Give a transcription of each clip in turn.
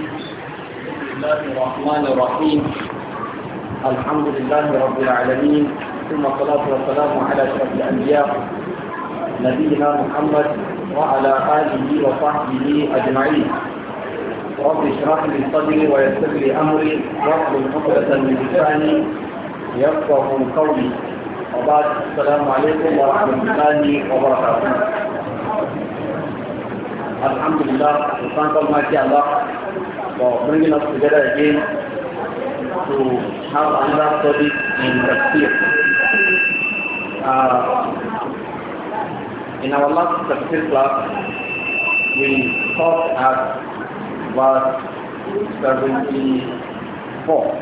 بسم الله الرحمن الرحيم الحمد لله رب العالمين ثم الصلاة والسلام على أشرف الأنبياء نبينا محمد وعلى آله وصحبه أجمعين رب اشرح لي صدري ويسر لي أمري واحلل عقدة من لساني يفقه قولي وبعد السلام عليكم ورحمة الله وبركاته الحمد لله وصلى الله for bringing us together again to have another study in Tafsir. Uh, in our last Tafsir class, we talked at verse 74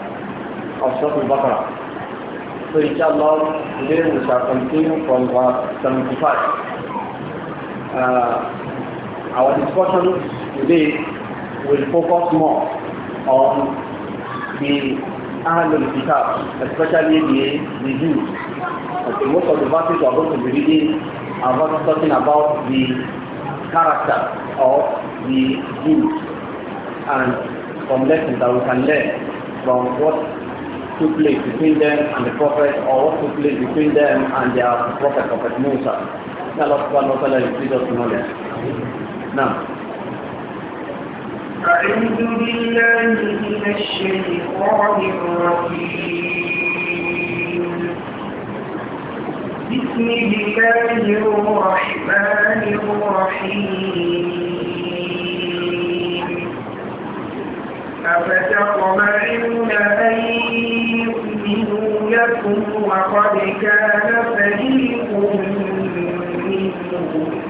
of Surah Al-Baqarah. So inshallah, today we shall continue from verse 75. Uh, our discussion today will focus more on the Ahlul Kitab, especially the, the Jews. Okay, most of the verses we are going to be reading are not talking about the character of the Jews and some lessons that we can learn from what took place between them and the Prophet or what took place between them and their Prophet, Prophet Musa. Allah subhanahu wa ta'ala is knowledge. Now, أعوذ بالله من الشيطان الرجيم بسم الله الرحمن الرحيم أفتطمعون أن يؤمنوا لكم وقد كان فريق منهم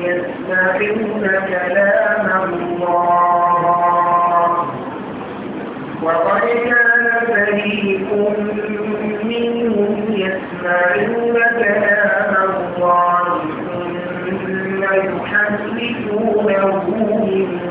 يسمعون كلام الله وقد كان فريق منهم يسمعون كلام الله ثم يحرفونه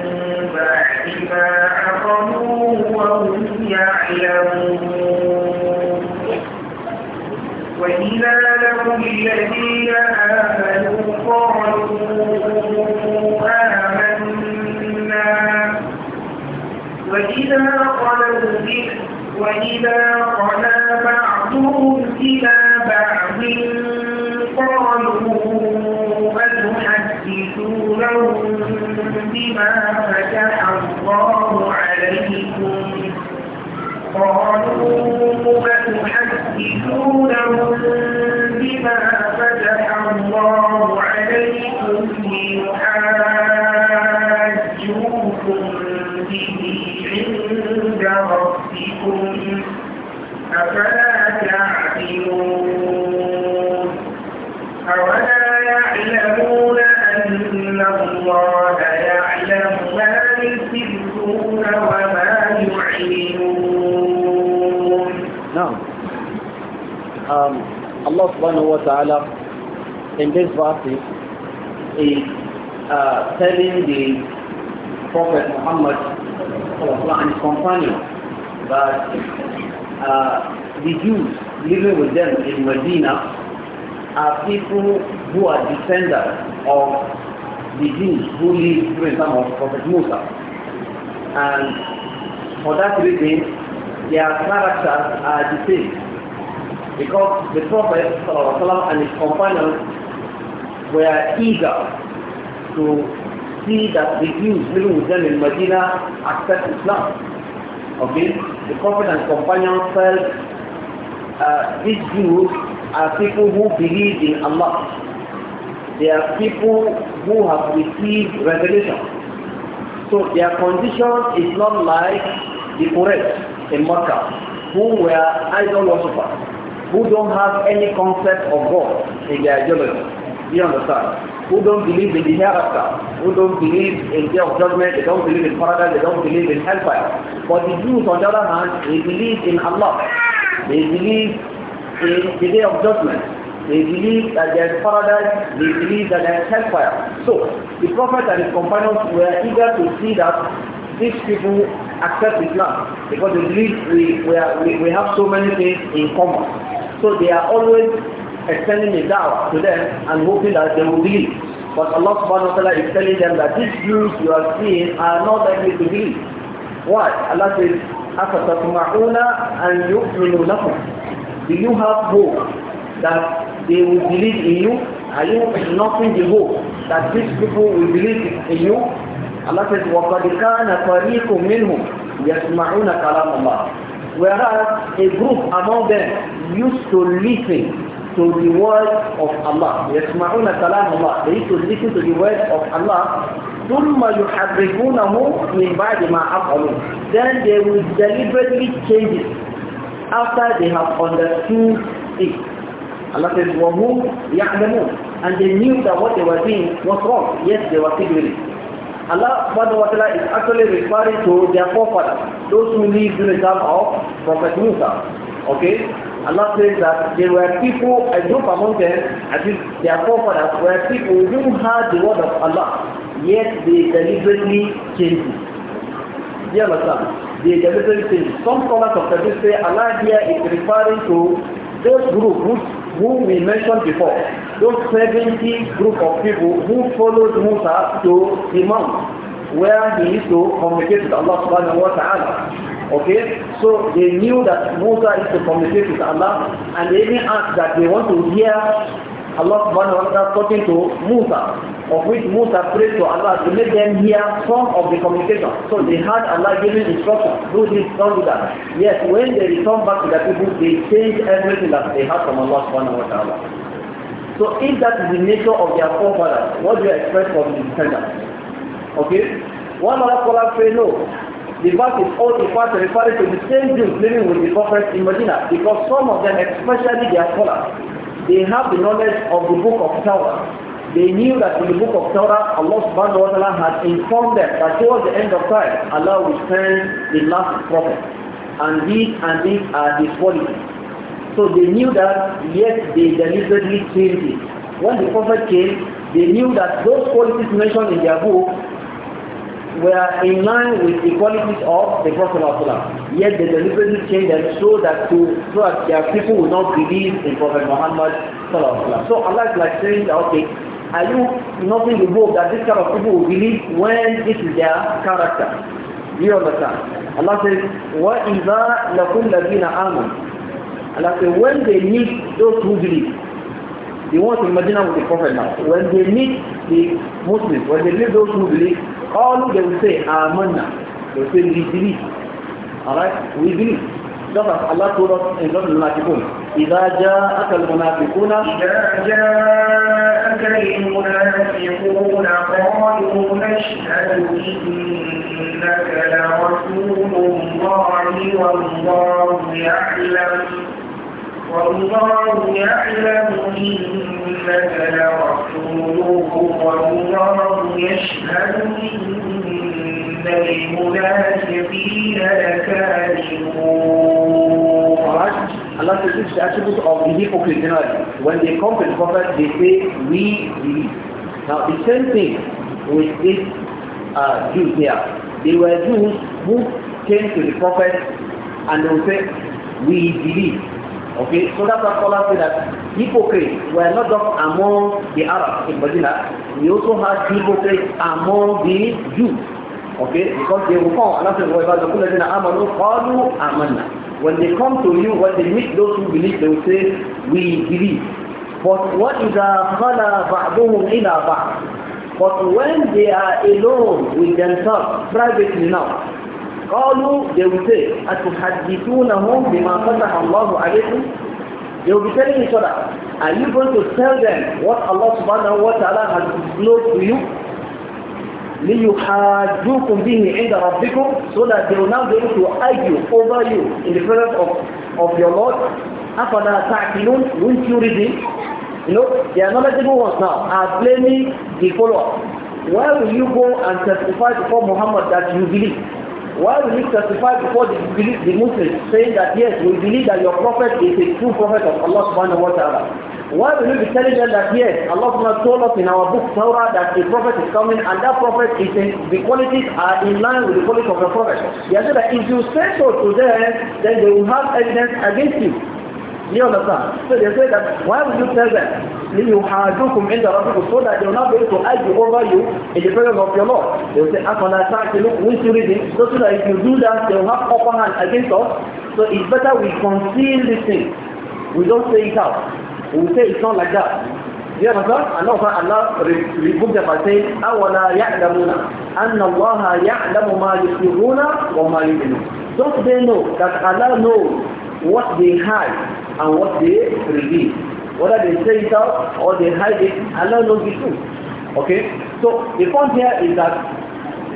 um, Allah subhanahu wa ta'ala in this verse is uh, telling the Prophet Muhammad and his companion that uh, the Jews living with them in Medina are people who are descendants of the Jews who lived during the time of Prophet Musa. And for that reason, their characters are the same. Because the Prophet and his companions were eager to see that the Jews living with them in Medina accept Islam. Okay? The Prophet and companions felt uh, these Jews are people who believe in Allah. They are people who have received revelation. So their condition is not like the Quraysh in Makkah, who were idol worshippers who don't have any concept of God in their ideology. You understand? Who don't believe in the hereafter, who don't believe in day of judgment, they don't believe in paradise, they don't believe in hellfire. But the Jews on the other hand, they believe in Allah. They believe in the day of judgment. They believe that there is paradise, they believe that there is hellfire. So, the Prophet and his companions were eager to see that these people accept Islam because they believe we, we, are, we, we have so many things in common. So they are always extending a da'wah to them and hoping that they will believe. But Allah subhanahu wa ta'ala is telling them that these Jews you are seeing are not likely to believe. Why? Allah says, أَفَتَطْمَعُونَ أَنْ يُؤْمِنُوا لَكُمْ Do you have hope that they will believe in you? Are you nothing the hope that these people will believe in you? Allah says, وَقَدْ كَانَ فَرِيقٌ مِّنْهُمْ يَسْمَعُونَ كَلَامَ اللَّهِ Whereas a group among them used to listen to the word of Allah. يسمعون كلام الله. They used to listen to the word of Allah. ثم يحرفونه من بعد ما عقلوا. Then they will deliberately change it after they have understood it. Allah says, وهم يعلمون. And they knew that what they were doing was wrong. Yes, they were still it. Allah subhanahu wa ta'ala is actually referring to their forefathers, those who lived during the time of Prophet Musa. Okay? Allah says that there were people, a group among them, at least their forefathers were people who heard the word of Allah, yet they deliberately changed it. Do you understand? They deliberately changed it. Some scholars of the say Allah here is referring to those group, groups who we mentioned before, those 70 group of people who followed Musa to Imam, where he used to communicate with Allah subhanahu wa ta'ala. Okay, so they knew that Musa is to communicate with Allah and they even asked that they want to hear Allah subhanahu wa ta'ala talking to Musa, of which Musa prayed to Allah to let them hear some of the communication. So they had Allah giving instruction do this, don't do that. Yes, when they return back to the people, they change everything that they have from Allah subhanahu wa ta'ala. So if that is the nature of their forefathers, what do you expect from the descendants? Okay? One other scholar say no. The verse is all in part referring to the same Jews living with the prophets in Medina because some of them, especially their scholars, they have the knowledge of the book of Torah. They knew that in the book of Torah, Allah subhanahu wa ta'ala had informed them that towards the end of time, Allah will send the last prophet. And these and these are his qualities. So they knew that, yet they deliberately changed it. When the prophet came, they knew that those qualities mentioned in their book were in line with the qualities of the Prophet Yet they deliberately changed them so that to so that their people will not believe in Prophet Muhammad So Allah is like saying, okay, are you not the hope that this kind of people will believe when this is their character? you understand? Allah says, وَإِذَا لَكُمْ لَذِينَ آمَنُوا Allah says, when they meet those who believe, They want to imagine with the Prophet now. When they meet the Muslims, when they meet those who believe, all they will say, Amanna. They will say, we believe. Alright? We believe. Just as Allah told us in Surah munafiqun إذا جاءك المنافقون إذا جاءك المنافقون قالوا نشهد إنك لرسول الله والله يعلم والله يعلم إنك لرسوله Allah says this the attribute of the hypocrite generally. When they come to the prophet, they say, we believe. Now the same thing with this uh, Jews here. They were Jews who came to the prophet and they would say, we believe. Okay, so that's what scholars say that hypocrites were not just among the Arabs in Medina, we also had hypocrites among the Jews. Okay, because they will come, Allah says, وَإِذَا تَقُولَ الَّذِينَ آمَنُوا قَالُوا آمَنَّا When they come to you, when they meet those who believe, they will say, we believe. But what is وَإِذَا خَلَى in our back? But when they are alone with themselves, privately now, قالوا they will say أتحدثونهم بما فتح الله عليكم They will be telling each other, are you going to tell them what Allah subhanahu wa ta'ala has disclosed to you? لِيُحَاجُّكُمْ بِهِ عِنْدَ رَبِّكُمْ So that they will now be able to argue over you in the presence of, of your Lord. أَفَلَا تَعْقِلُونَ Won't you reason? You know, the knowledgeable ones now are blaming the followers. Where will you go and testify before Muhammad that you believe? Why will you testify before the, the Muslims saying that yes, we believe that your prophet is a true prophet of Allah subhanahu wa ta'ala? Why will you be telling them that yes, Allah subhanahu wa ta'ala told us in our book Torah that a prophet is coming and that prophet is in, the qualities are in line with the qualities of the prophet? He said that if you say so to them, then they will have evidence against you. You understand? So they say that why would you tell them? لِيُحَاجُكُمْ عِنْدَ رَبِّكُمْ So that they will not be able to argue over you in the presence of your Lord. They will say, أَفَلَا تَعْتِلُكُمْ وِنْسُ رِدِي So that if you do that, they will have upper hand against us. So it's better we conceal this thing. We don't say it out. We say it's not like that. يا مثلا أنه الله ربك فسيد أولا يعلمون أن الله يعلم ما يسرون وما يعلمون Don't they know that Allah knows what they hide and what they reveal. Whether they say it out or they hide it, Allah knows the truth. Okay? So the point here is that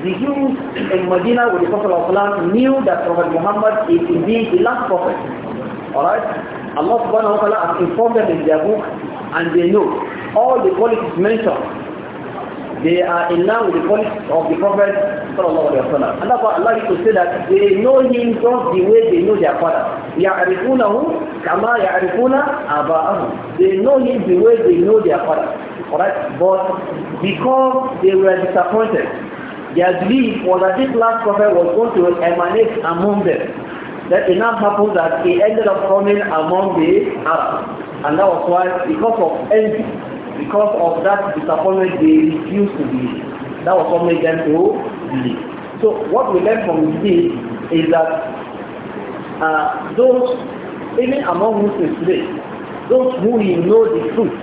the Jews in Medina with the Prophet ﷺ knew that Prophet Muhammad is indeed the last prophet. Alright? Allah subhanahu wa ta'ala has informed them in their book and they know all the qualities mentioned They are in line with the policies of the Prophet sallallahu alayhi wa sallam. And that's why Allah used to say that they know him just the way they know their father. يَعْرِفُونَهُ كَمَا يَعْرِفُونَ أَبَاءَهُمْ They know him the way they know their father. Alright? But because they were disappointed, their belief was that this last prophet was going to emanate among them. That it now happened that he ended up coming among the Arabs. And that was why, because of envy, Because of that disappointment, they refused to believe. That was what made them to believe. So what we learn from this is that uh, those, even among Muslims today, those who will know the truth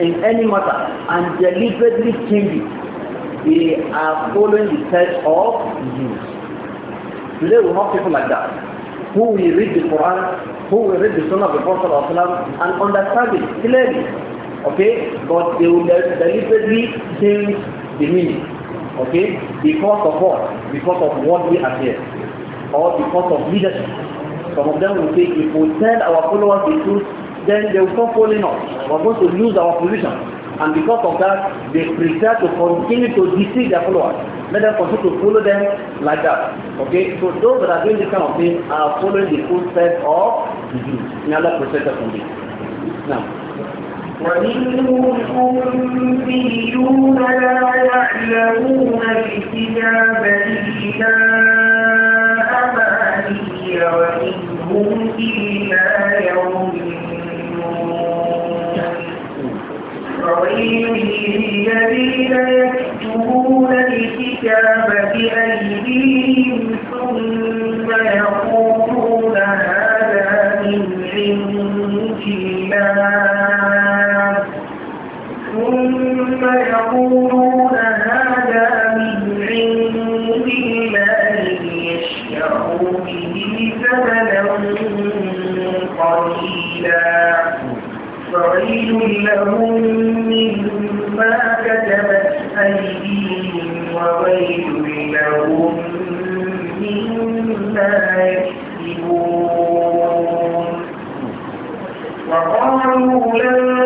in any matter and deliberately change it, they are following the text of Jews. Today we have people like that, who will read the Quran, who will read the Sunnah of the Prophet and understand it clearly Okay? But they will deliberately change the meaning. Okay? Because of what? Because of what we are here. Or because of leadership. Some of them will say, if we tell our followers the truth, then they will stop following us. We're going to lose our position. And because of that, they prefer to continue to deceive their followers. Let them continue to follow them like that. Okay? So those that are doing this kind of thing are following the footsteps of the Jews. May Allah protect us from this. Now. ومنهم أميون لا يعلمون الكتاب إلا أماني وإنهم إلا يظنون فويل للذين يكتبون الكتاب بأيديهم ثم يقولون هذا من عند الله ثم يقولون هذا من عند الله به ثمنا قليلا لهم كتبت أيديهم لهم يكسبون وقالوا لن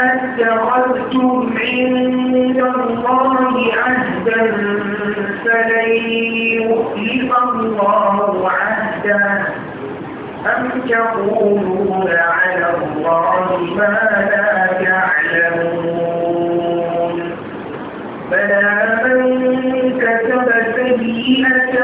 اتخذتم عند الله عهدا فلن يخلف الله عهدا أم تقولون على الله ما لا تعلمون فلا من كتب سيئة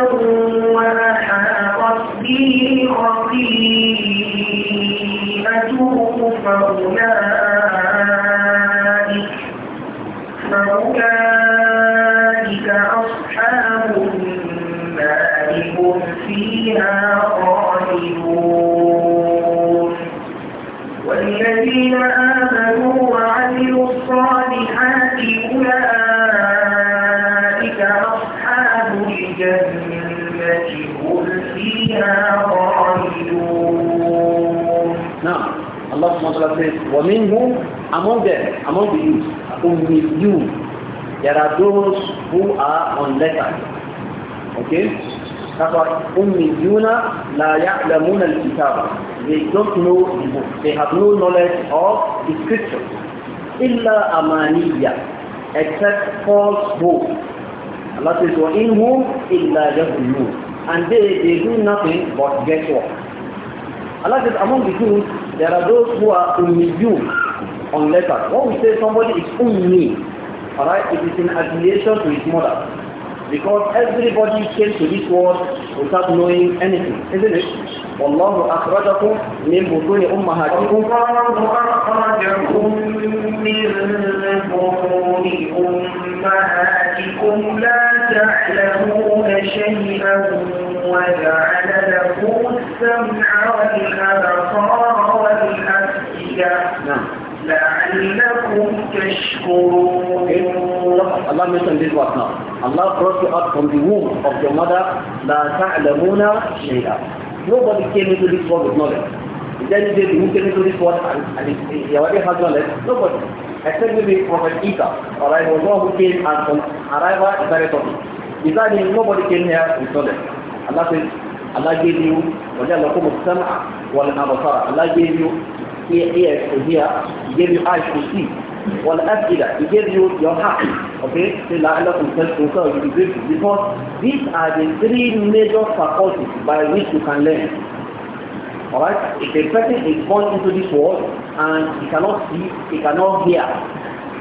وَمِنْهُمْ Among them, among the youth, with you, there are those who are unlettered. Okay? That's why أُمِّيُّونَ لَا يَعْلَمُونَ الْكِتَابَ They don't know the book. They have no knowledge of the scripture. Illa amaniya, Except false hope. Allah says, وَإِنْهُمْ illa يَظُنُّونَ And they, they do nothing but guess what? Allah says, among the Jews, There are those who are ummiyyun on letters. When we say somebody is ummi, alright, it is in affiliation to his mother. Because everybody came to this world without knowing anything, isn't it? والله أخرجكم من بطون أمهاتكم أخرجكم من بطون أمهاتكم لا تعلمون شيئا وجعل لكم والسمع والأبصار والأفئدة لعلكم تشكرون الله mentioned this was now. Allah brought you out from the womb of your mother La Ta'lamuna شيئا Nobody came into this world with knowledge. Then there anybody who came into this world and, and he already has knowledge? Nobody. Except maybe Prophet Isa. Alright, was one who came and from arrival is very Besides him, nobody came here with knowledge. Allah says, alágbèlú wọ́n yàrá kó mọ̀tánà wọ́n lè àbọ̀sára alágbèlú iya ìkòdíà ìgbèlú àìkòsí wọ́n lè àfìlà ìgbèlú yọ̀há okay ṣe làálàkùn tẹ́sán kan ìgbèlú because these are the three major faculties by which you can learn. Alright? If a person is born into this world and he cannot see, he cannot hear,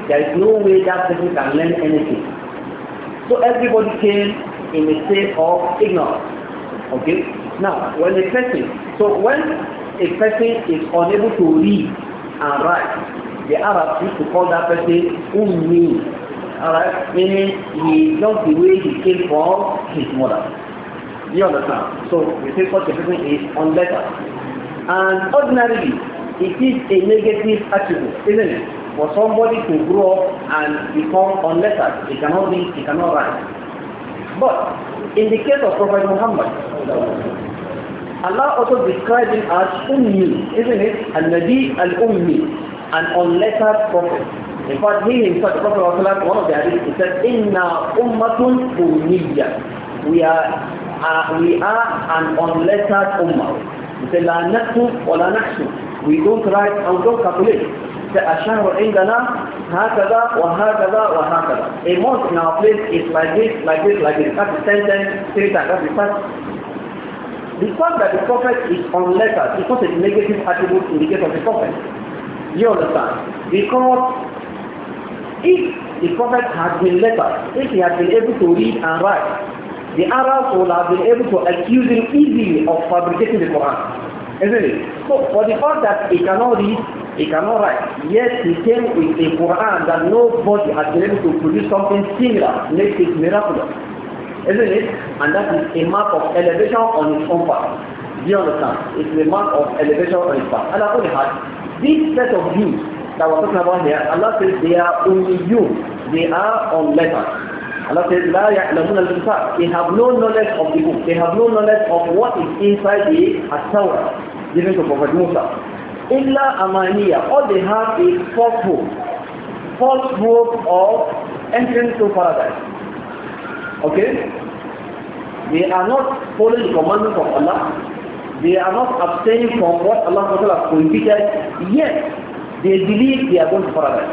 there is no way that person can learn anything. So everybody came in a state of ignorance. Okay? Now, when a person, so when a person is unable to read and write, the Arabs used to call that person Ummi. Alright? Meaning he is not the way he came from his mother. You understand? So we say such a person is unlettered. And ordinarily, it is a negative attribute, isn't it? For somebody to grow up and become unlettered, he cannot read, he cannot write. But in the case of Prophet Muhammad, Allah also described him as Ummi, isn't it? Al-Nabi Al-Ummi, an unlettered prophet. In fact, he himself, the Prophet Muhammad, one of the hadith, he said, Inna ummatun ummiya. We are, uh, we are an unlettered ummah. He said, La naktub wa la We don't write and don't calculate. The Ashar الشهر عندنا هكذا وهكذا وهكذا. A month in our place is like this, like this, like this. That's the sentence, three times. That's the first. The fact that the prophet is on letters is not a negative attribute in the case of the prophet. You understand? Because if the prophet had been letters, if he had been able to read and write, the Arabs would have been able to accuse him easily of fabricating the Quran. Isn't it? So for the fact that he cannot read, he cannot write. Yet he came with a Quran that nobody has been able to produce something similar, makes it miraculous. Isn't it? And that is a mark of elevation on his own part. Do you understand? It's a mark of elevation on his part. And I only had this set of views that we're talking about here, Allah says they are only you. They are on letters. Allah says, They have no knowledge of the book. They have no knowledge of what is inside the Torah given to Prophet Musa illa amaniya. All they have is false hope. False hope of entrance to paradise. Okay? They are not following the commandments of Allah. They are not abstaining from what Allah has prohibited. Yet, they believe they are going to paradise.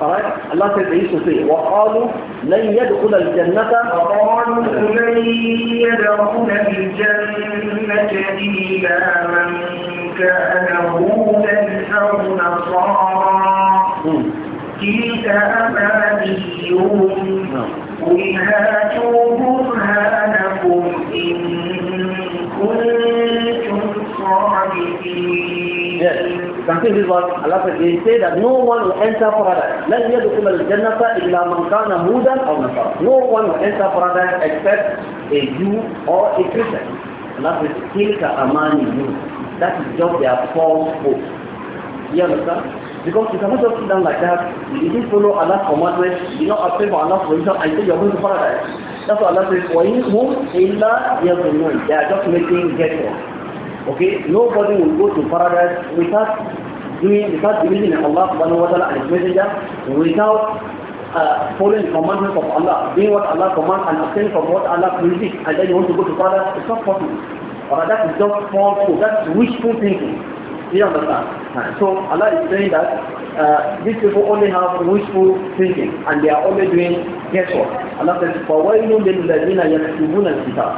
Alright? Allah says they used to say, وَقَالُوا لَنْ يَدْخُلَ الْجَنَّةَ وَقَالُوا لَنْ يَدْخُلَ الْجَنَّةَ إِلَّا مَنْ Something is what Allah said, they say that no one will enter paradise. لن يدخل الجنة إلا من كان هودا أو نصارى. No one will enter paradise except a Jew or a Christian. Allah says, تلك أمانيهم. That is just their false hope. You understand? Because you cannot just sit down like that. You didn't follow Allah's commandments. You did not obey for Allah's provision. I say you're going to paradise. That's what Allah says. وَإِنْهُمْ إِلَّا يَظُنُّونَ They are just making guesses. Okay? Nobody will go to paradise without doing, without believing in Allah subhanahu wa ta'ala and His messenger, without uh, following the commandments of Allah, doing what Allah commands and abstaining from what Allah pleases, and then you want to go to paradise. It's not possible. But that is just false hope, that's wishful thinking. Do you understand? So Allah is saying that uh, these people only have wishful thinking and they are only doing guesswork. Allah says, فَوَيْلٌ لِلَّذِينَ يَكْتُبُونَ الْكِتَابِ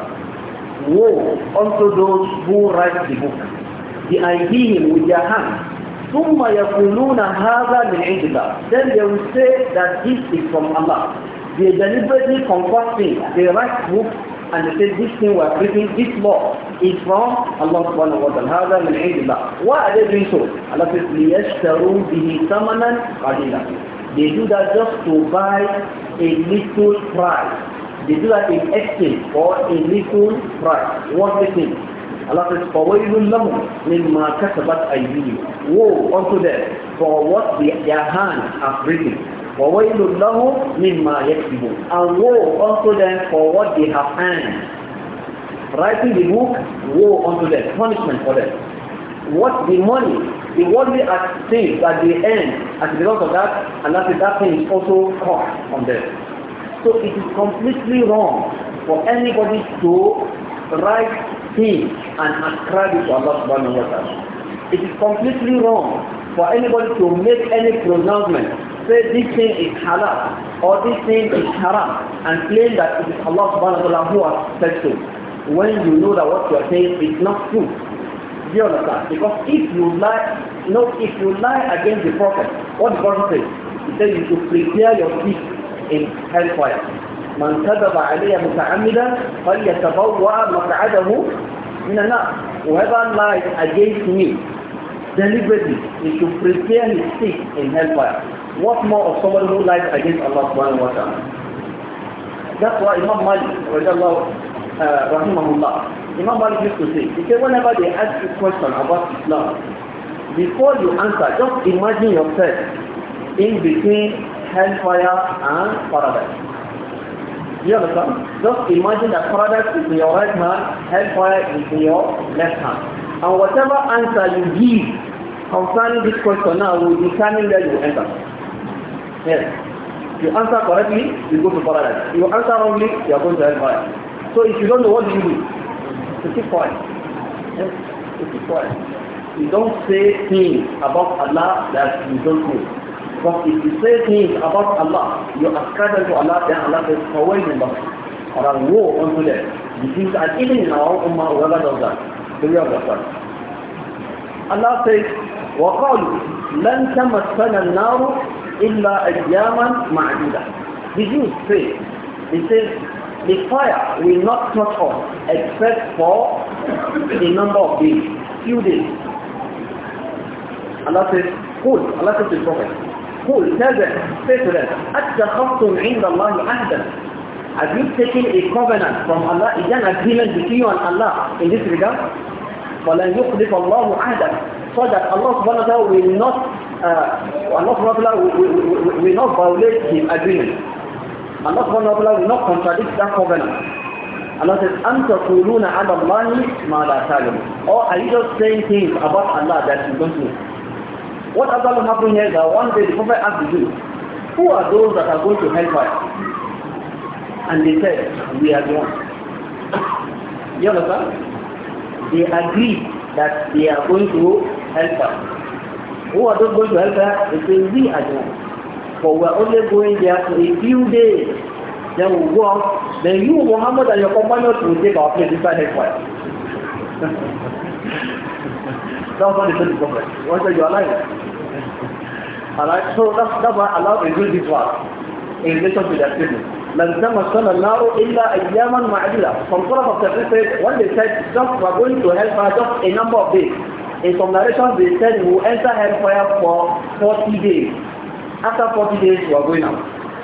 Woe unto those who write the book. They are with their hands. ثُمَّ يَقُولُونَ هَذَا مِنْ عِنْدِ Then they will say that this is from Allah. They deliberately confess things. They write books and they said this thing we're breaking, this law is from Allah subhanahu wa ta'ala. هذا من عند الله. Why are they doing so? Allah says, لِيَشْتَرُوا بِهِ ثَمَنًا قَلِيلًا They do that just to buy a little price. They do that in exchange for a little price. What they think? Allah says, فَوَيْلٌ لَهُمْ مِمَّا كَسَبَتْ أَيْدِيهِمْ Woe unto them for what their hands have written. وَوَيْلٌ لَهُمْ مِمَّا يَكْسِبُونَ And woe unto them for what they have earned. Writing the book, woe unto them, punishment for them. What the money, the worldly things that they earn as a result of that, and that, that thing is also caught on them. So it is completely wrong for anybody to write things and ascribe it to Allah subhanahu wa ta'ala. It is completely wrong for anybody to make any pronouncement, say this thing is halal or this thing is haram and claim that it is Allah subhanahu wa ta'ala who has said so when you know that what you are saying is not true. Do you understand? Because if you lie, you know, if you lie against the Prophet, what the Prophet says? He says you should prepare your feet in hellfire. من كذب علي متعمدا فليتبوأ مقعده من النار. Whoever lies against me deliberately is to prepare his seat in hellfire. What more of someone who lies against Allah subhanahu wa ta'ala? That's why Imam Malik, uh, rahimahullah, Imam Malik used to say, he said whenever they ask you a question about Islam, before you answer, just imagine yourself in between hellfire and paradise. You understand? Just imagine that paradise is in your right hand, hellfire is in your left hand. And whatever answer you give concerning this question now will determine where you enter. Yes. You answer correctly, you go to paradise. You answer wrongly, you are going to hellfire. So if you don't know what do you do, to keep quiet. Yes, to keep quiet. You don't say things about Allah that you don't know. But if you say things about Allah, you ascribe them to Allah, then Allah says, away you. them, or woe unto them. You think that even in our ummah, whoever does that, the way الله Allah. says, وَقَالُوا لَنْ تَمَسَّنَا النَّارُ إِلَّا أَيَّامًا مَعْدُودًا The Jews say, he says, the fire will not touch us except for a number of days, few days. Allah says, قُلْ Allah says to the Prophet, قُلْ tell them, say to them, أَتَّخَفْتُمْ عِنْدَ اللَّهِ عَهْدًا Have you taken a covenant from Allah? Is there an agreement between you and Allah in this regard? فَلَنْ يُخْلِفَ اللَّهُ عَهْدًا So that Allah subhanahu wa ta'ala will not, uh, Allah subhanahu wa ta'ala will, will, will, will not violate his agreement. Allah subhanahu wa ta'ala will not contradict that covenant. Allah says, أَمْ تَقُولُونَ عَلَى اللَّهِ مَا لَا تَعْلَمُ Or are you just saying things about Allah that you don't know? What Allah will happen here that one day the Prophet asked the Jews, who are those that are going to help us? and they said, we are the one. You understand? They agree that they are going to help us. Who are those going to help us? They say, we are the one. But we are only going there for a few days. Then we we'll go out. Then you, Muhammad, and your companions will take our place inside headquarters. that's what they said to Prophet. What said, you are lying. Alright, so that's, that's why Allah is doing this one in relation to their statement. لن تمسنا النار إلا أياما معدودة From of the said, when they said, just we are going to hellfire just a number of days. In some narrations they said, we will enter hellfire for 40 days. After 40 days we are going out.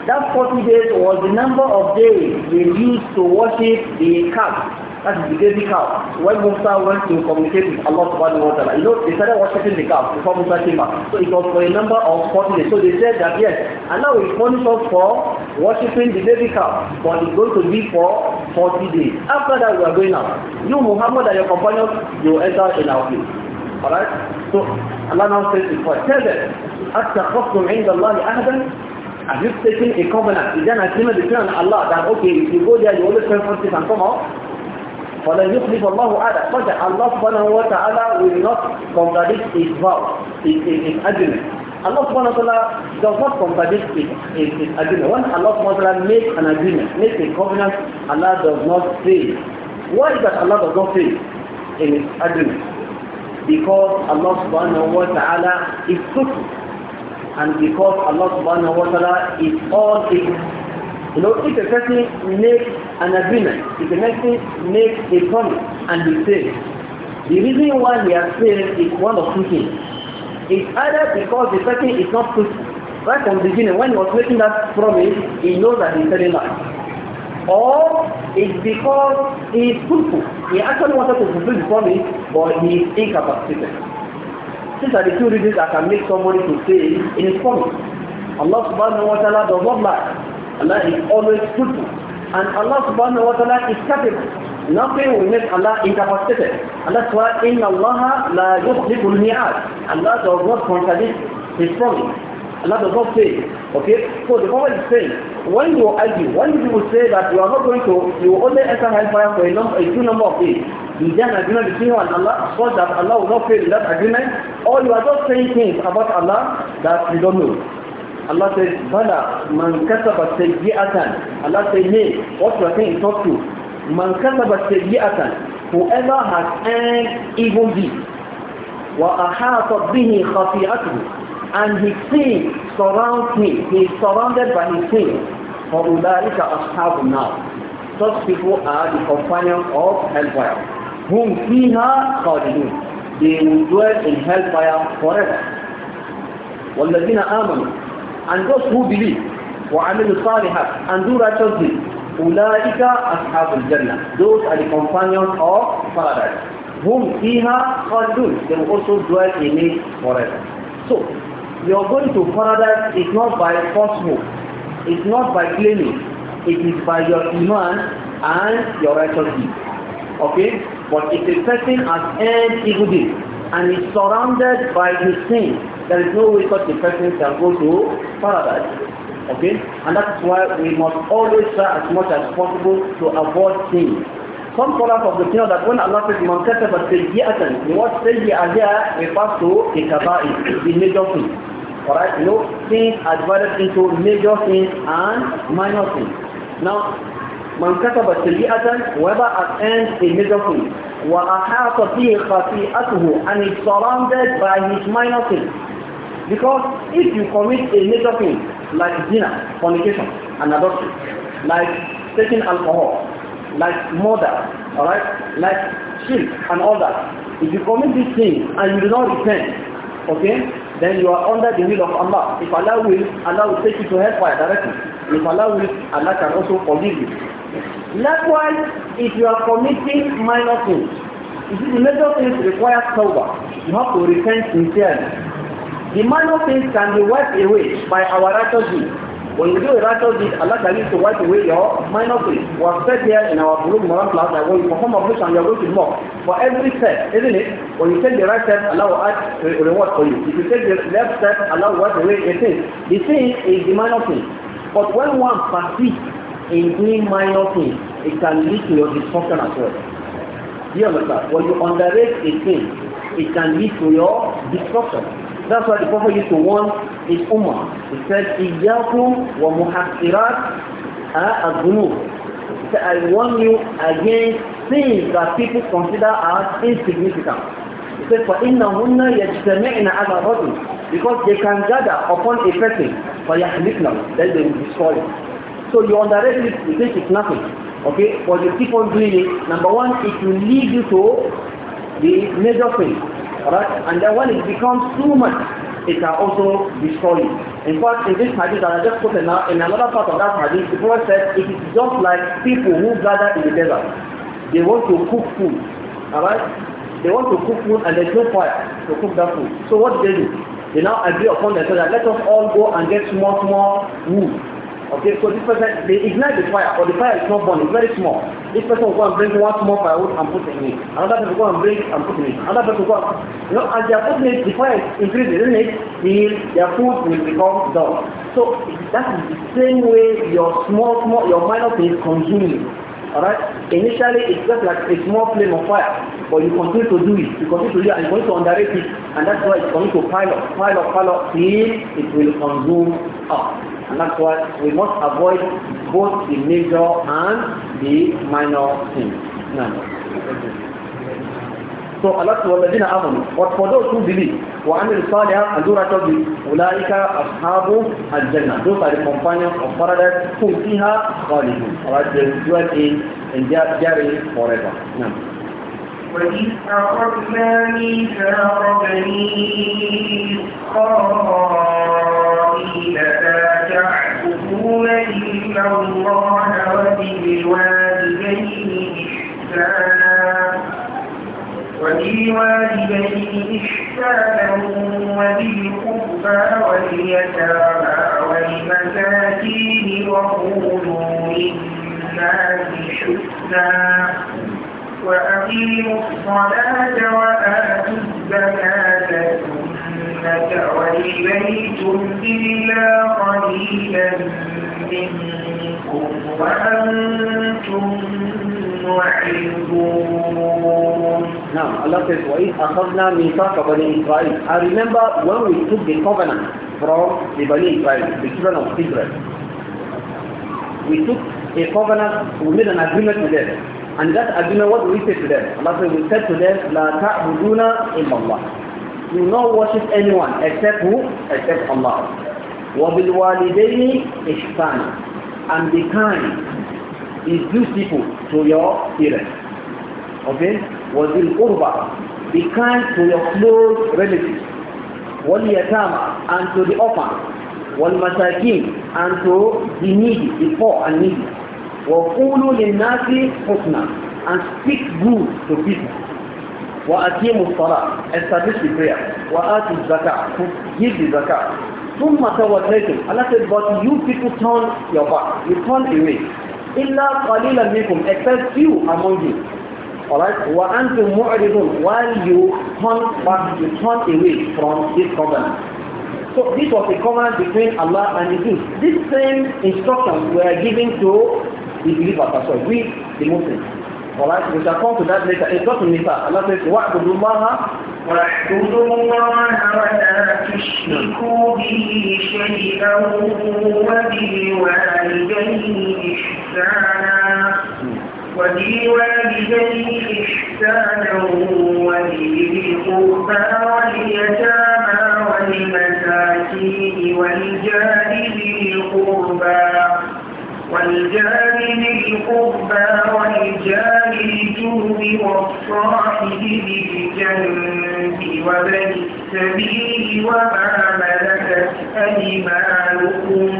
That 40 days was the number of days they used to worship the calf That is the day Nikah. When Musa went to communicate with Allah subhanahu wa ta'ala, you know, they started worshipping Nikah before Musa came up. So it was for a number of 40 days. So they said that yes, and now we punish us for worshipping the day Nikah, but it's going to be for 40 days. After that, we are going out. You, Muhammad, and your companions, you enter in our place. Alright? So Allah now says this: first. Tell them, أَتَّخَفْتُمْ عِنْدَ اللَّهِ أَهْدًا Have you taken a covenant? Is there an agreement between Allah that, okay, if you go there, you always pray for this and come out? فَلَنْ يُخْلِفَ اللَّهُ عَدَى Such Allah subhanahu wa will not contradict his vow, his, his, his agreement. Allah subhanahu wa ta'ala does not contradict his, his, his agreement. When Allah subhanahu wa ta'ala makes an agreement, makes a covenant, Allah does not fail. Why is that Allah does not fail in his agreement? Because Allah subhanahu wa ta'ala is truthful. And because Allah subhanahu wa ta'ala is all things You know, if a person makes an agreement, if a person makes a promise and he fails, the reason why he has failed is one of two things. It's either because the person is not truthful. Right from the beginning, when he was making that promise, he knows that he's telling lies. Or it's because he is truthful. He actually wanted to fulfill the promise, but he is incapacitated. These are the two reasons that can make somebody to fail in his promise. Allah subhanahu wa ta'ala does not lie. Allah is always truthful. And Allah subhanahu wa ta'ala is capable. Nothing will make Allah incapacitated. And that's why in Allah la yukhliful mi'ad. Allah does not contradict his promise. Allah does not say. Okay? So the Prophet is saying, when you argue, when you will say that you are not going to, you will only enter hellfire for a, number, a few number of days, is there an agreement between you and Allah such that Allah will not fail in that agreement? Or you are just saying things about Allah that you don't know. Allah says, Bala, man kataba sayyi'atan. Allah says, hey, what you are saying is not true. Man kataba sayyi'atan. Whoever has earned evil deeds, وَأَحَاطَ بِهِ خَطِيئَتُهُ And his sin surrounds him. He is surrounded by his sin. فَأُولَٰئِكَ ashabu النَّارِ Such people are the companions of hellfire. whom فِيهَا خَالِدُونَ They will dwell in hellfire forever. وَالَّذِينَ آمَنُوا And those who believe, وَعَمِلُوا الصَّالِحَاتِ And do righteously, أُولَٰئِكَ أَصْحَابُ الْجَنَّةِ Those are the companions of paradise. Whom فِيهَا خَالِدُونَ They will also dwell in it forever. So, your going to paradise is not by force move. It's not by claiming. It is by your iman and your righteousness. Okay? But if a person has earned evil deeds and is surrounded by his sins, there is no way such a person can go to paradise. Okay? And that's why we must always try as much as possible to avoid sin. Some scholars of the theory that when Allah says man kataba sayyi'atan, the word sayyi'ah here refers to the kaba'i, the major sin. Alright? You know, things are divided into major sins and minor sins. Now, من كتب سيئة whoever attends a major sin وأحاط به خطيئته and is surrounded by his minor sin Because if you commit a major sin like dinner, fornication, and adultery, like taking alcohol, like murder, alright, like shirk and all that, if you commit these things and you do not repent, okay, then you are under the will of Allah. If Allah will, Allah will take you to hellfire directly. If Allah will, Allah can also forgive you. Likewise, if you are committing minor sins, you see, the major sins require tawbah. You have to repent sincerely. The minor things can be wiped away by our righteous deeds. When you do a righteous deed, Allah can use to wipe away your minor sins. Was said here in our Bulug Moran class that when you perform a ablution, you are going to more. For every step, isn't it? When you take the right step, Allah will add a reward for you. If you take the left step, Allah will wipe away a sin. The sin is the minor sin. But when one persists in doing minor things, it can lead to your dysfunction as well. Do you understand? When you underrate a sin, it can lead to your destruction. That's why the Prophet used to warn his ummah. He said, Iyakum wa a al So I warn you against things that people consider as insignificant. He said, فَإِنَّهُنَّ يَجْتَمِعْنَ عَلَى رَجُلٍ Because they can gather upon a person, فَيَحْلِقْنَهُ Then they will destroy it. So you underrate it, you think it's nothing. Okay, but you keep on doing it. Number one, it will lead you to the major thing. Alright? And then when it becomes too much, it can also destroy it. In fact, in this hadith that I just quoted now, in another part of that hadith, the Prophet said it is just like people who gather in the desert. They want to cook food. Alright? They want to cook food and there's no fire to cook that food. So what do they do? They now agree upon themselves that let us all go and get small, small wood Okay, so this person, they ignite the fire, or the fire is not burning, it's very small. This person will go and bring one small firewood and put it in it. Another person will go and bring and put it in it. Another person will go and, you know, as they are putting it, the fire is increasing, isn't it? The, their food will become dull. So that is the same way your small, small, your minor thing is consuming. Alright? Initially it's just like a small flame of fire, but you continue to do it, you continue to do it and you're going to underrate it, and that's why it's going to pile up, pile up, pile up till it will consume up. And that's why we must avoid both the major and the minor sins. No. So Allah to الذين آمنوا but for those who believe وعملوا الصالحات and do righteous deeds أولئك أصحاب Jannah, those are the companions of paradise who فيها خالدون alright they will dwell in in their glory forever. No. وإذ أخذنا ميثاق بني إسرائيل لا تعبدون الله وبالوالدين إحسانا وبالوالدين إحسانا وذي وقولوا للناس حسنا وأقيموا الصلاة وآتوا الزكاة ثم توليتم إلا قليلا منكم وأنتم معرضون Now Allah says, وَإِذْ أَخَذْنَا مِيثَاقَ بَنِي إِسْرَائِيلَ I remember when we took the covenant from the Bani Israel, the children of Israel. We took a covenant, we made an agreement with them And that agreement, what we say to them? Allah said, we said to them, La ta'buduna Allah. You not worship anyone except who? Except Allah. وَبِالْوَالِدَيْنِ إِحْسَانًا And be kind, is dutiful to your parents. Okay? وَذِي الْقُرْبَى Be kind to your close relatives. وَالْيَتَامَى And to the orphan. masakin And to the needy, the poor and needy. وَقُولُوا لِلنَّاسِ حُسْنًا And speak good to people. وَأَتِيمُوا الصَّلَاةِ Establish the prayer. وَآتُوا الزَّكَاةِ Give the zakah. ثُمَّ تَوَلَّيْتُمْ Allah said, but you people turn your back. You turn away. إِلَّا قَلِيلًا مِنْكُمْ Except few among you. Alright? وَأَنْتُمْ مُعْرِضُونَ While you turn back, you turn away from this covenant. So this was a covenant between Allah and the Jews. This same instructions were given to Il believe dit pas c'est mon fils. Voilà. we shall come to that later. It's Alors, in Nisa. Allah says, وَعْبُدُ والجار للقربى والجار الجنب والصاحب بالجنب وبن السبيل وما ملكت أيمانكم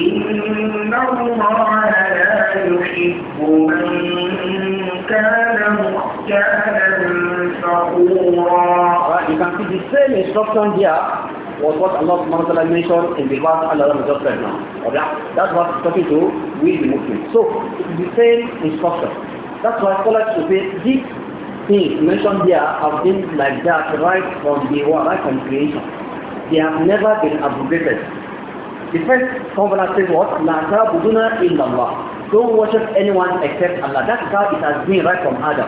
إن الله لا يحب من كان مختالا فخورا. Right, you can see the same instruction here was what Allah subhanahu mentioned in the verse Allah just right now. Okay? That's what it's talking to we the Muslims. So the same instruction. That's why scholars should say these things mentioned here have been like that right from the world, right from creation. They have never been abrogated. The first covenant says what? La ta'buduna illallah. Don't worship anyone except Allah. That's how it has been right from Adam.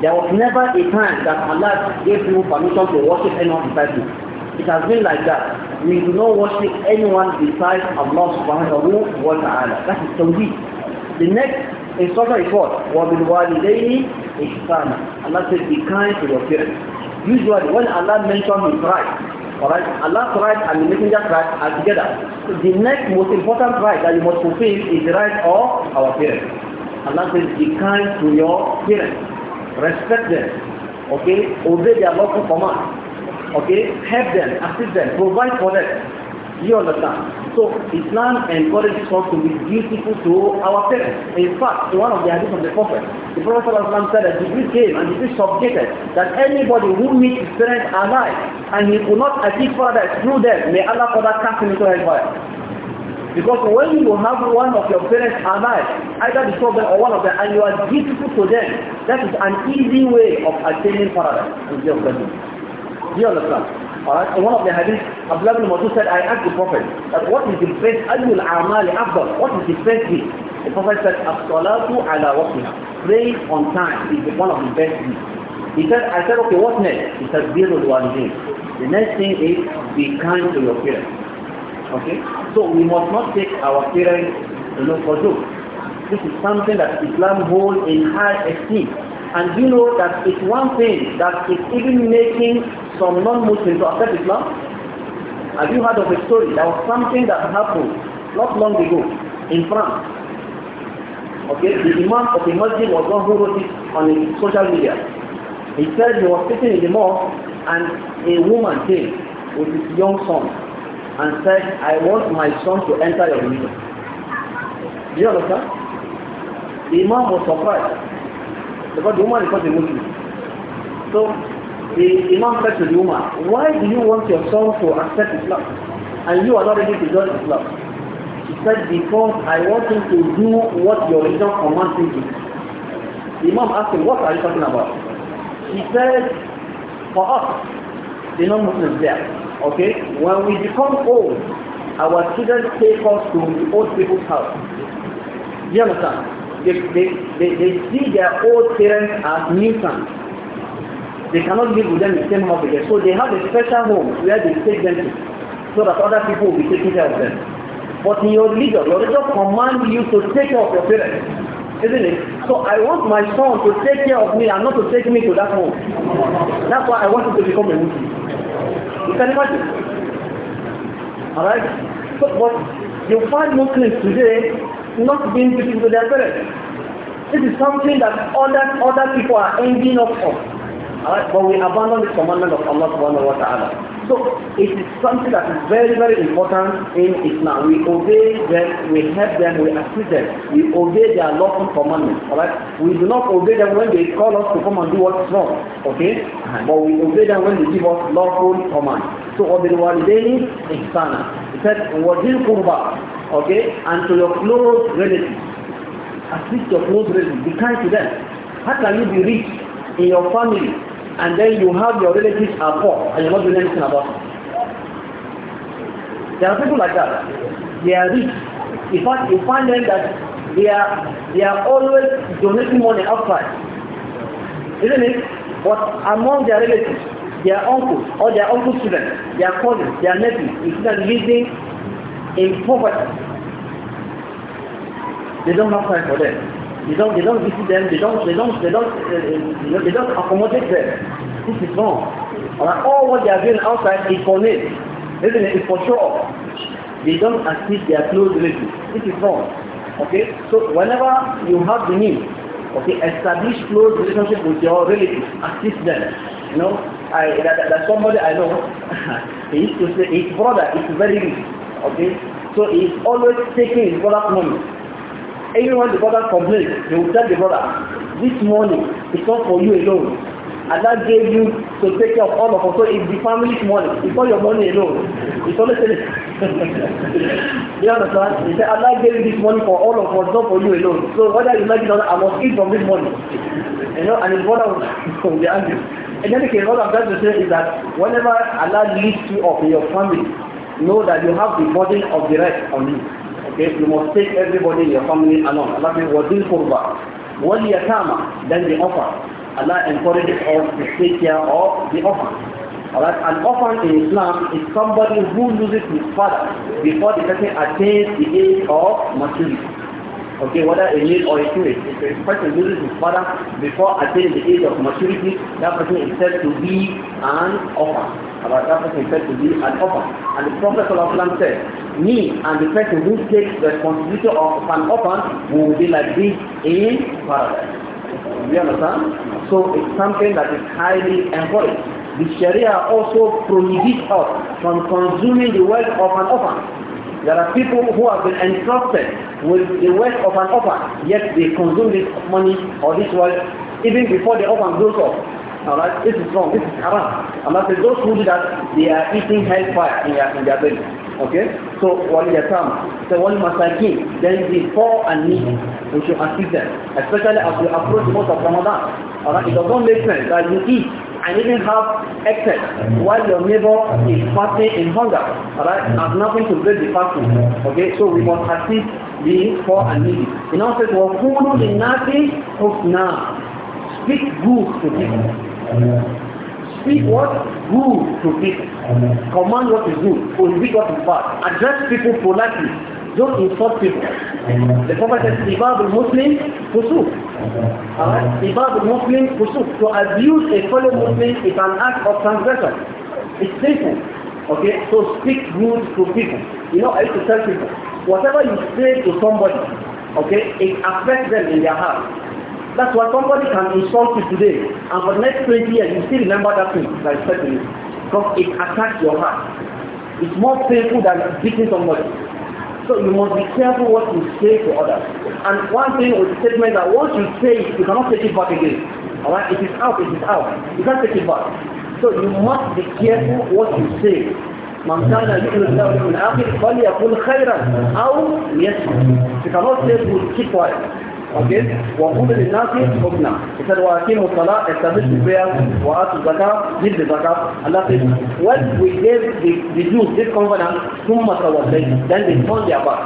There was never a time that Allah gave you permission to worship anyone besides him. It has been like that. We do not worship anyone besides Allah subhanahu wa ta'ala. That is Tawheed. The next instruction is what? وَبِالْوَالِدَيْنِ إِحْسَانًا Allah says, be kind to your parents. Usually when Allah mentions his right, alright, Allah's right and the messenger's right are together. So the next most important right that you must fulfill is the right of our parents. Allah says, be kind to your parents. Respect them. Okay? Obey their lawful command. Okay? Help them, assist them, provide for them. You understand? So Islam encourages us to be dutiful to our parents. In fact, one of the ideas of the Prophet, the Prophet said that Jibril came and degree subjected that anybody who meets his parents alive and he could not achieve paradise through them, may Allah for that cast him into hellfire. Because when you have one of your parents alive, either the children or one of them, and you are dutiful to them, that is an easy way of attaining paradise. Do you understand? Alright, and one of the hadith, Abdullah ibn Masud said, I asked the Prophet, that what is the best, Ayul Amali Afdal, what is the best deed? The Prophet said, As-salatu ala waqtiha, pray on time is one of the best deeds. He said, I said, okay, what next? He said, Birul Walidin. The next thing is, be kind to your parents. Okay? So we must not take our parents, you know, for joke. This is something that Islam holds in high esteem. And you know that it's one thing that is even making some non-Muslims to accept Islam. Have you heard of a story? There was something that happened not long ago in France. Okay, the imam of the mosque was one who wrote it on his social media. He said he was sitting in the mosque and a woman came with his young son and said, I want my son to enter your religion. Do you understand? The imam was surprised Because the woman is not a Muslim. So the Imam said to the woman, why do you want your son to accept Islam? And you are not ready to join Islam. She said, because I want him to do what your religion commands him to do. The Imam asked him, what are you talking about? He said, for us, the non-Muslims there, okay, when we become old, our children take us to the old people's house. Do you understand? they, they, they, they see their old parents as new sons. They cannot live with them in the same house again. So they have a special home where they take them to so that other people will be taking care of them. But in your religion, your religion commands you to take care of your parents. Isn't it? So I want my son to take care of me and not to take me to that home. That's why I want him to become a Muslim. You can imagine. Alright? So, but you find Muslims today not being faithful to their parents. This is something that other, other people are ending up on. Alright, but we abandon the commandment of Allah subhanahu wa ta'ala. So it is something that is very, very important in Islam. We obey them, we help them, we assist them. We obey their lawful commandments. Alright? We do not obey them when they call us to come and do what's wrong. Okay? Uh-huh. But we obey them when they give us lawful command. So وَبِالْوَالِدَيْنِ إِحْسَانًا He said, وَذِي الْقُرْبَى Okay? And to your close relatives at least your close relatives, be kind to them. How can you be rich in your family and then you have your relatives are poor and you're not doing anything about it? There are people like that. They are rich. In fact, you find them that they are they are always donating money outside. Isn't it? But among their relatives, their uncles or their uncle's children, their cousins, their nephews, instead of living in poverty, They don't have time for them. They don't, they don't visit them. They don't, they don't, they don't, uh, uh they don't accommodate them. This is wrong. Right? All what they are doing outside is for name. Isn't it? It's for sure. They don't assist their close relatives. This is wrong. Okay? So whenever you have the need, okay, establish close relationship with your relatives. Assist them. You know, I, that, that somebody I know, he used to say his brother is very rich. Okay? So he's always taking his brother's money. Anyone the brother complains, they will tell the brother, this money is not for you alone. Allah gave you to take care of all of us. So if the family's money. It's not your money alone. It's always saying, you understand? He said, Allah gave you this money for all of us, not for you alone. So whether you like it or not, I must eat from this money. You know, and his brother will be angry. In any case, what I'm trying to say is that whenever Allah leads you up in your family, know that you have the burden of the rest on you. Okay, you must take everybody in your family along. Allah says, Wadil Kurba, Wal Yatama, then the orphan. Allah encourages us to take care of the orphan. Alright, an orphan in Islam is somebody who loses his father before the person attains the age of maturity. Okay, whether a male or a female, if a person loses his father before attaining the age of maturity, that person is said to be an orphan. about that person said to be an offer. And the Prophet ﷺ said, me and the person who takes the contribution of an offer will be like this in paradise. You understand? So it's something that is highly encouraged. The Sharia also prohibits us from consuming the wealth of an offer. There are people who have been entrusted with the wealth of an offer, yet they consume this money or this wealth even before the offer goes off alright, this is wrong, this is haram. Allah says, those who do that, they are eating hellfire in their, in their belly. Okay? So, wal yatam, so wal masakin, then the poor and needy, we should assist them. Especially as we approach most of Ramadan. Alright, it does not make sense that you eat and even have excess while your neighbor is fasting in hunger. Alright? Has nothing to break the fasting. Okay? So we must assist the poor and needy. You know, says, nothing لِلنَّاسِ حُسْنًا Speak good to people. Speak what? Good to people. Command what is good. Prohibit what is bad. Address people politely. Don't insult people. The Prophet says, Ibab al-Muslim, kusuf. Alright? Ibab al-Muslim, kusuf. To abuse a fellow Muslim is an act of transgression. It's sinful. Okay? So speak good to people. You know, I used to tell people, whatever you say to somebody, okay, it affects them in their heart. That's why somebody can insult you today, and for the next 20 years, you still remember that thing that is said to you. Because it attacks your heart. It's more painful than beating somebody. So you must be careful what you say to others. And one thing with the statement that once you say it, you cannot take it back again. Alright? It is out, it is out. You can't take it back. So you must be careful what you say. من كان يؤمن بالله واليوم الآخر فليقل خيرا أو You cannot say keep quiet. Okay? وقوم للناس حكما. He said, وَأَقِيمُوا الصَّلَاةَ establish the prayer, وَآتُوا الزَّكَاة give the zakat. Allah says, when we gave the, the Jews this covenant, ثُمَّ تَوَلَّيْنَا Then they turned their back.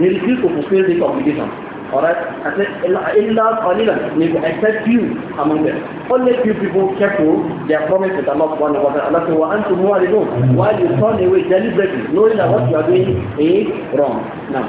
They refused to fulfill this obligation. Alright? I said, إِلَّا قَلِيلًا Except you, among them. Only few people kept to their promise with Allah subhanahu wa ta'ala. Allah said, وَأَنْتُمْ مُعَلِدُونَ While you turn away deliberately, knowing that what you are doing is wrong. Now,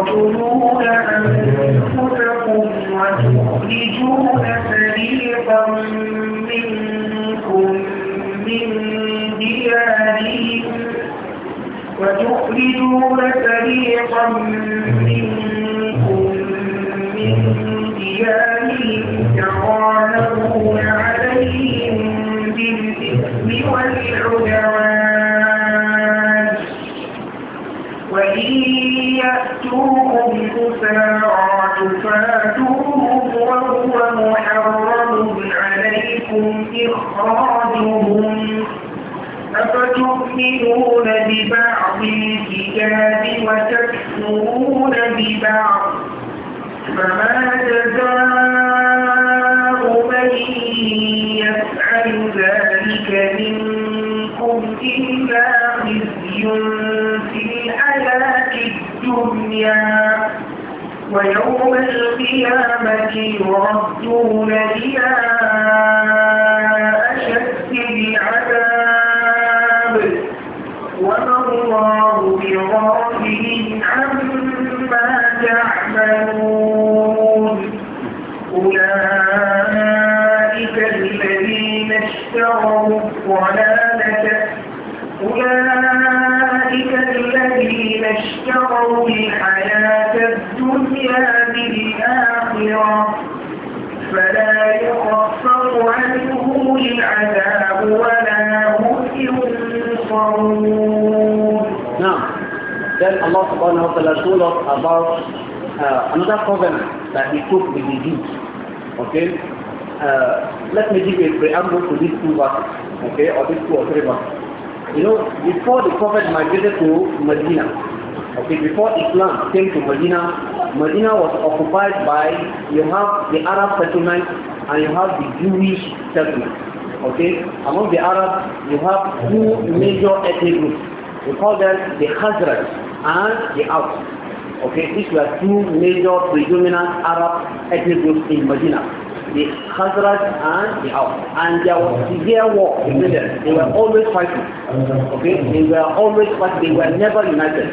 وتخرجون فريقا منكم من ديارهم وتخرجون عليهم بالإثم والعدوان فاتوهم أسارى تفاتوهم وهو محرم عليكم إخراجهم أفتؤمنون ببعض الكتاب وتكفرون ببعض فما جزاء من يفعل ذلك منكم إلا خزي في الدنيا ويوم القيامة يردون إلى Allah subhanahu wa ta'ala told us about uh, another covenant that he took with the Jews. Okay? Uh, let me give you a preamble to these two verses, okay, or these two or three verses. You know, before the Prophet migrated to Medina, okay, before Islam came to Medina, Medina was occupied by, you have the Arab settlement and you have the Jewish settlement. Okay, among the Arabs, you have two major ethnic groups. We call them the Khazraj and the Arabs. Okay, these were two major predominant Arab ethnic groups in Medina, the Khazraj and the Arabs. And there was severe war between them. They were always fighting. Okay, they were always fighting. They were never united.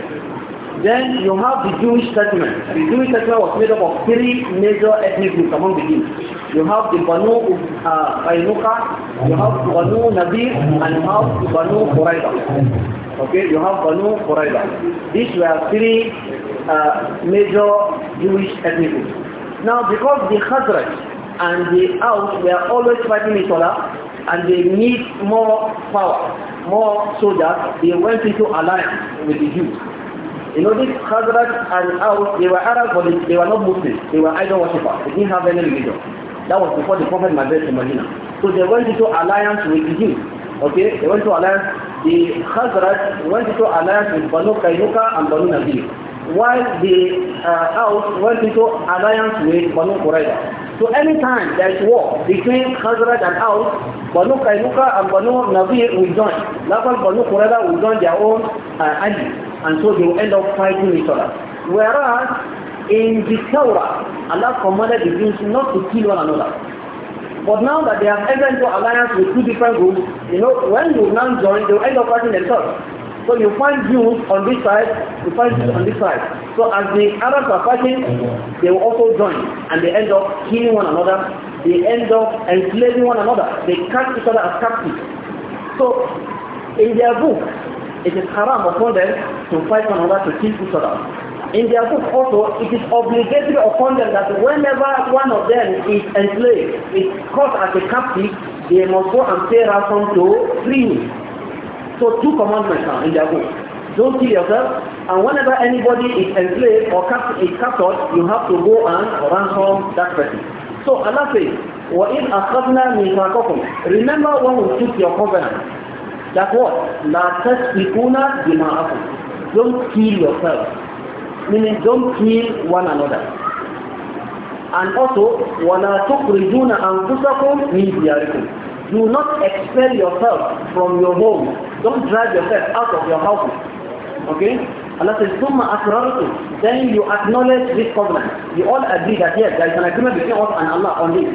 Then you have the Jewish settlement. The Jewish settlement was made up of three major ethnic groups among the Jews. You have the Banu uh, you have Banu Nadir, and you have Banu Quraidah. Okay, you have Banu Quraidah. These were three uh, major Jewish ethnicities. Now, because the Khazraj and the Aus were always fighting each other, and they need more power, more soldiers, they went into alliance with the Jews. You know, these Khazraj and Aus, they were Arabs, but they were not Muslims. They were idol worshippers. They didn't have any religion. That was before the Prophet migrated to Medina. So they went into alliance with him. Okay, they went to alliance. The Khazraj went into alliance with Banu Kainuka and Banu Nadir. While the uh, Aus went into alliance with Banu Quraidah. So anytime there is war between Khazraj and Aus, Banu Kainuka and Banu Nadir will join. Laban Banu Quraidah will join their own uh, army. And so they will end up fighting each other. Whereas in the Torah, Allah commanded the Jews not to kill one another. But now that they have entered into alliance with two different groups, you know, when you now join, they will end up fighting themselves. So you find Jews on this side, you find Jews on this side. So as the Arabs are fighting, they will also join and they end up killing one another. They end up enslaving one another. They catch each other as captives. So in their book, it is haram upon them to fight one another to kill each other in their book also, it is obligatory upon them that whenever one of them is enslaved, is caught as a captive, they must go and pay ransom to free him. So two commandments now in their book. Don't kill yourself, and whenever anybody is enslaved or cap is captured, you have to go and ransom that person. So Allah says, وَإِذْ أَخَذْنَا مِيثَاقَكُمْ Remember when we took your covenant, that what? لَا تَسْفِكُونَ دِمَاءَكُمْ Don't kill yourself. meaning don't kill one another. And also, وَلَا تُخْرِجُونَ أَنفُسَكُمْ مِنْ دِيَارِكُمْ do not expel yourself from your home. Don't drive yourself out of your house. Okay? Allah says, ثُمَّ أَقْرَرْتُمْ Then you acknowledge this covenant. You all agree that yes, there is an agreement between us and Allah on this.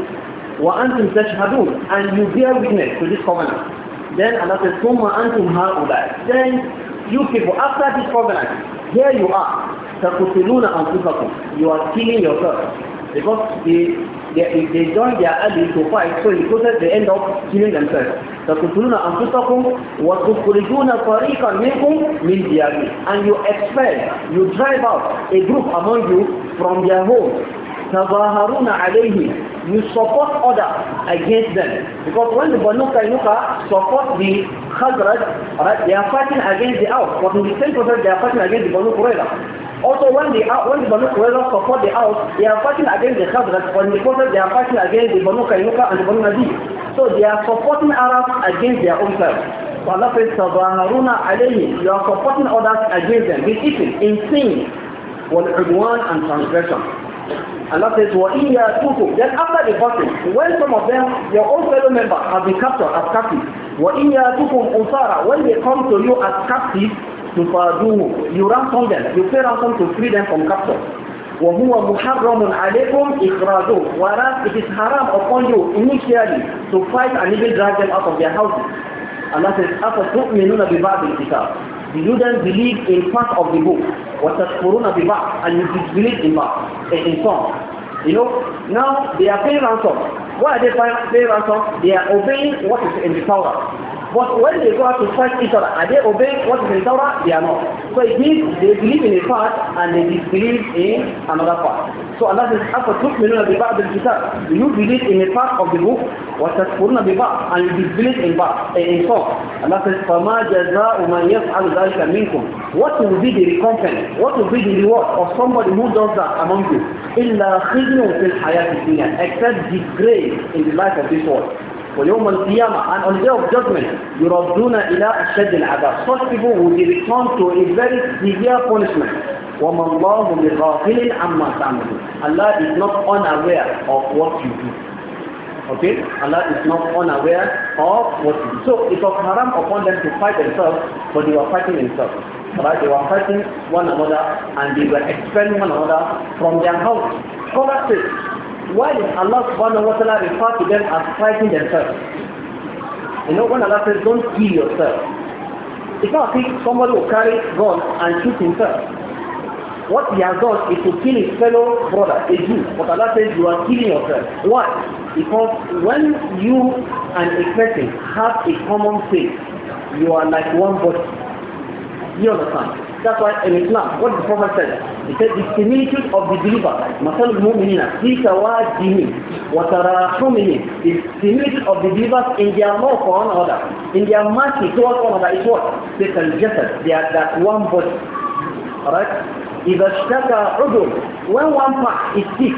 وَأَنْتُمْ تَشْهَدُونَ And you bear witness to this covenant. Then Allah says, ثُمَّ أَنْتُمْ هَؤُلَاءِ Then you people, after this covenant, here you are. تقتلون أنفسكم you are killing yourself because they they, if they join their ally to fight so in process they end up killing themselves تقتلون أنفسكم وتخرجون فريقا منكم من ديارهم and you expel you drive out a group among you from their homes تظاهرون عليهم you support others against them. Because when the Banu Kainuka support the Khazraj, right, they are fighting against the Aus. But in the same process, they are fighting against the Banu Qurayza. Also, when the uh, when the Banu Qurayza support the house, they are fighting against the Khazraj. When the process, they are fighting against the Banu Kainuka and the Banu Nadi. So they are supporting Arabs against their own self. So Allah says, "Tabaruna alayhi." You are supporting others against them. This is insane. والعدوان and transgression. Allah says, وَإِنْ يَأْتُوكُمْ Then after the fasting, when some of them, your own fellow members, have been captured as captives, وَإِنْ يَأْتُوكُمْ usara. When they come to you as captives, تفادوه you ransom them you pay ransom to free them from capture وهو محرم عليكم إخراجه whereas it is haram upon you initially to fight and even drag them out of their houses Allah says أفتؤمنون ببعض الكتاب Do you then believe in part of the book وتذكرون ببعض and you disbelieve in part in some you know now they are paying ransom why are they paying ransom they are obeying what is in the Torah But when they go out to fight each other, are they obeying what is in Torah? They are not. So it means they believe in a part and they disbelieve in another part. So Allah says, أَفَا تُؤْمِنُونَ the الْكِتَابِ You believe in a part of the book, the بِبَعْض And you disbelieve in part, eh, in some. Allah says, jaza جَزَاءُ مَنْ al ذَلِكَ مِنْكُمْ What will be the recompense? What will be the reward of somebody who does that among you? إِلَّا خِزْنُ فِي الْحَيَاةِ الدُّنْيَا Except disgrace in the life of this world. ويوم القيامة and on the day of judgment يردون إلى أشد العذاب such people will be returned to a very severe punishment وما الله بغافل عما تعملون Allah is not unaware of what you do okay Allah is not unaware of what you do so it was haram upon them to fight themselves but they were fighting themselves right? They were fighting one another and they were expelling one another from their house. Scholars say why did Allah subhanahu wa ta'ala refer to them as fighting themselves? You know, when Allah says, don't kill yourself, it's not as somebody will carry gun and shoot himself. What he has done is to kill his fellow brother, a Jew. But Allah says, you are killing yourself. Why? Because when you and a person have a common faith, you are like one body. You understand? That's why in Islam, what the Prophet said, he said the similitude of the believer, مثل المؤمنين في توادهم وتراحمهم, the similitude of the believers in their love for one another, in their mercy towards one another is what? They can jasad, they are that one body. Alright? If a shaka عضو, when one part is sick,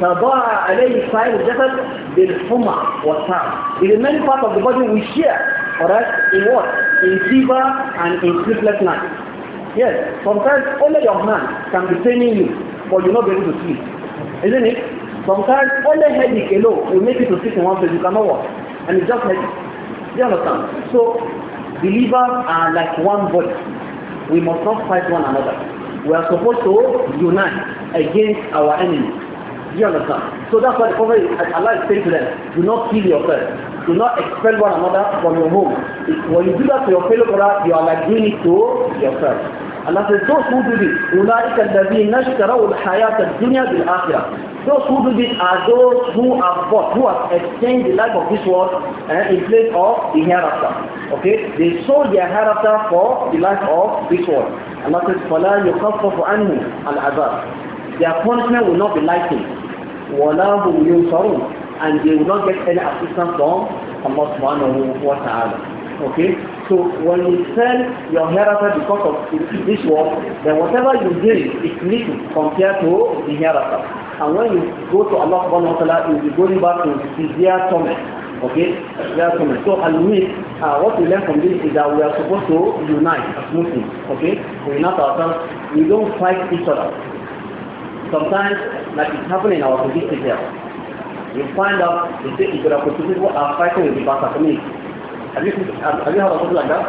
تضاع عليه سائر الجسد بالحمى والتعب. The remaining part of the body we share, alright, in what? In fever and in sleeplessness. Yes, sometimes only your hand can be paining you, but you're not be able to sleep. Isn't it? Sometimes only headache alone will make you to sleep in one place, you cannot walk. And it's just headache. Do you understand? So, believers are like one body. We must not fight one another. We are supposed to unite against our enemy. Do you understand? So that's why the Prophet, Allah is saying to them, do not kill yourself. Do not expel one another from your home. If, when you do that to your fellow brother, you are like doing it to yourself. Allah says, those who do this, أولئك الذين اشتروا الحياة الدنيا بالآخرة. Those who do this are those who have bought, who have exchanged the life of this world uh, in place of the hereafter. Okay? They sold their hereafter for the life of this world. And Allah says, فلا يخفف عنهم العذاب. Their punishment will not be lightened. ولا هم ينصرون and they will not get any assistance from Allah subhanahu wa ta'ala. Okay? So when you sell your hereafter because of this war, then whatever you gain is little compared to the hereafter. And when you go to Allah subhanahu wa ta'ala, you'll be going back to severe torment. Okay? Severe torment. So and uh, what we learn from this is that we are supposed to unite as Muslims. Okay? We not ourselves. We don't fight each other. Sometimes, like it's happening in our position here, you find out the say if there are people who are fighting with the Basa community. Have you, have you heard of something like that?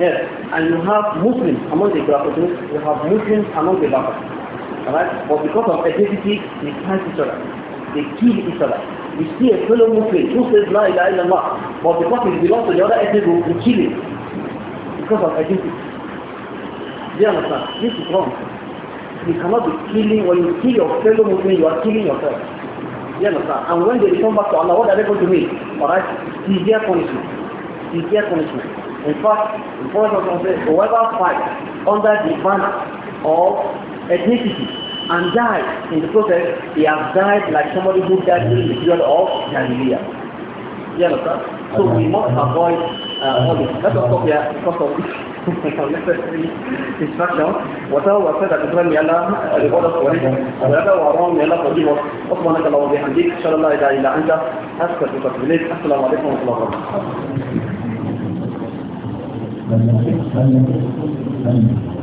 Yes. And you have Muslims among the Ibrahimites, you have Muslims among the Basa. Alright? But because of ethnicity, they fight each other. They kill each other. You see a fellow Muslim who says La ilaha illallah, but because he belongs to the other ethnic group, you kill him. Because of ethnicity. Do you understand? This is wrong. You cannot be killing, when you kill your fellow Muslim, you are killing yourself. You understand? And when they return back to Allah, what are they going to meet? Alright? Severe punishment. Severe punishment. In fact, the Prophet says, whoever fights under the banner of ethnicity and dies in the process, he has died like somebody who died in the period of Jahiliyyah. You understand? So we must avoid uh, all this. That's what Sophia, because of this instruction. Whatever was said at the time, reward us for it. Whatever was wrong, may forgive us. Subhanaka Allah wa bihamdik. Inshallah, ila ila anta. Askar to tasbilik. Assalamu alaikum wa rahmatullahi wa barakatuh.